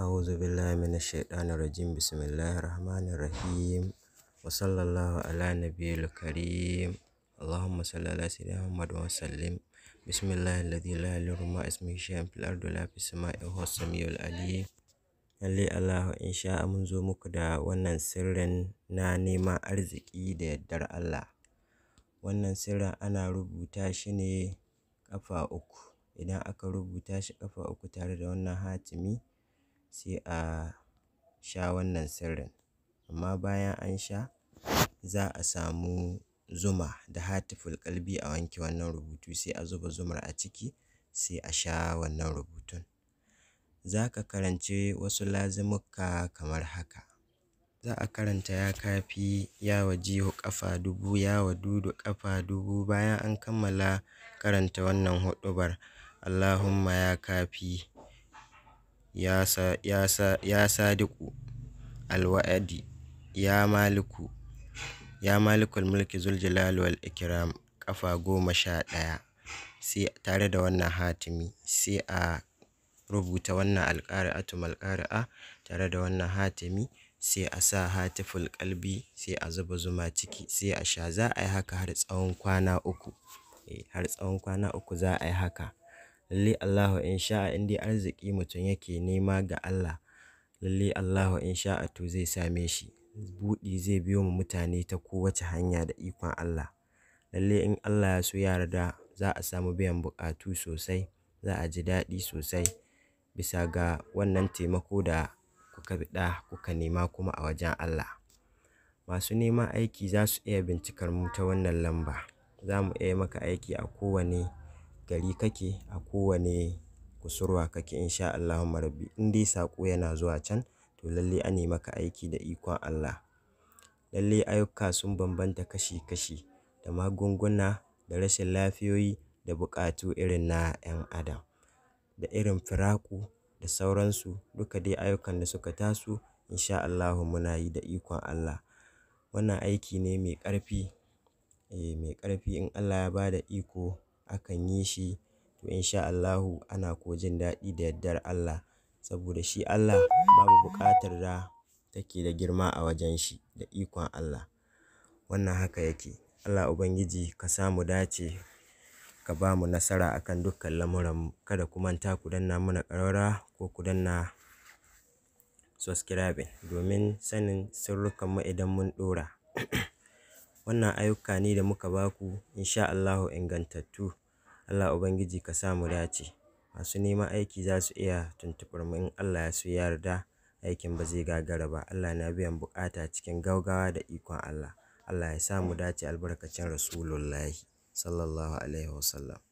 أعوذ بالله من الشيطان الرجيم بسم الله الرحمن الرحيم وصلى الله على نبي الكريم اللهم صل على سيدنا محمد وسلم بسم الله الذي لا يضر مع اسمه شيء في الأرض ولا في السماء وهو السميع العليم lalle Allah in sha mun zo muku da wannan sirrin na neman arziki da yardar Allah wannan sirrin ana rubuta shi ne ƙafa uku idan aka rubuta shi ƙafa uku tare da wannan hatimi sai a sha wannan sirrin. Amma bayan an sha za a samu zuma da hatiful kalbi a wanke wannan rubutu sai a zuba zumar a ciki sai a sha wannan rubutun. Za ka karance wasu lazimuka kamar haka. Za a karanta ya kafi, ya wajihu kafa dubu, ya wadudu ƙafa dubu. Bayan an kammala karanta wannan huɗubar Allahumma ya kafi. ya sadiku alwa'adi ya maliku ya malikul mulki zuljalal wal ikram kafa goma sha ɗaya sai tare da wannan hatimi sai a rubuta wannan alƙari'atu a tare da wannan hatimi sai a sa hatiful kalbi sai a zuba zuma ciki sai a sha za a yi haka har tsawon kwana uku eh, har tsawon kwana uku za a yi haka Lalle Allahu in sha'a in dai arziki mutum yake nema ga Allah, lalle Allahu in sha'a to zai same shi. Buɗi zai biyo ma mutane ta kowace hanya da ikon Allah. Lalle in Allah ya so ya yarda za a samu biyan buƙatu sosai, za a ji daɗi sosai bisa ga wannan taimako da kuka biɗa kuka nema kuma a wajen Allah. Masu neman aiki za su iya bincikar mu ta wannan lamba. zamu mu iya maka aiki a kowane gari kake a kowane kusurwa kake insha Allah Allahumma rabbi in dai saƙo yana zuwa can to lalle an yi maka aiki da ikon Allah. Lalle ayyuka sun bambanta kashi kashi da magunguna da rashin lafiyoyi da buƙatu irin na 'yan adam da irin firaku da sauransu duka dai ayyukan da suka taso insha Allah muna yi da ikon Allah. Wannan aiki ne mai ƙarfi, eh, mai ƙarfi in Allah ya bada iko akan yi shi to in Allahu ana ko jin daɗi da yardar Allah. Saboda shi Allah babu buƙatar da take da girma a wajen shi da ikon Allah. Wannan haka yake. Allah Ubangiji ka sa mu dace ka ba mu nasara akan dukkan lamuran Kada ku manta ku danna mana ƙararrawa ko ku danna subscribing domin sanin sirrukanmu mu idan mun ɗora. Wannan ayyuka ne da muka ba ku in Allahu ingantattu. Allah Ubangiji ka sa mu dace. Masu neman aiki za su iya tuntuɓar mu in Allah ya so ya yarda aikin ba zai gagara ba. Allah na biyan bukata cikin gaugawa da ikon Allah. Allah ya sa mu dace albarkacin Rasulullahi Sallallahu Alaihi Wasallam.